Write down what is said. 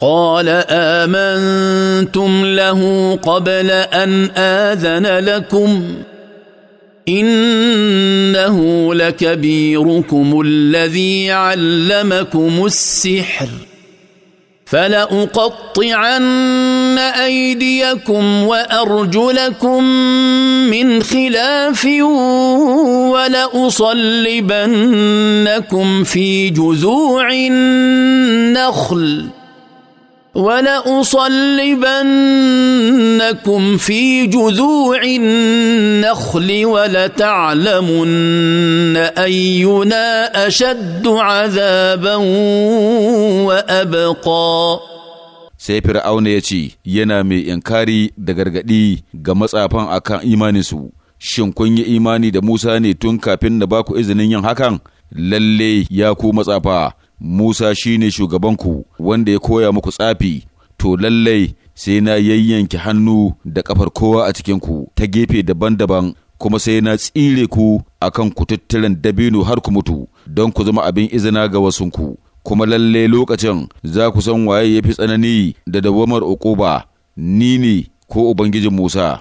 قال امنتم له قبل ان اذن لكم انه لكبيركم الذي علمكم السحر فلاقطعن ايديكم وارجلكم من خلاف ولاصلبنكم في جذوع النخل ولأصلبنكم في جذوع النخل ولتعلمن أينا أشد عذابا وأبقى sai fir'auna ya ce yana mai inkari da gargaɗi ga matsafan akan imaninsu shin kun yi imani da musa ne tun kafin na baku izinin yin hakan lalle ya ku matsafa Musa shi ne shugabanku wanda ya koya muku tsafi, to lallai sai na yayyanke hannu da ƙafar kowa a cikinku ta gefe daban-daban kuma sai na tsire ku kan ku tattalin dabino har ku mutu don ku zama abin izina ga wasunku. Kuma lallai lokacin za ku san waye ya fi tsanani da dawamar uquba ni ne ko Ubangijin Musa.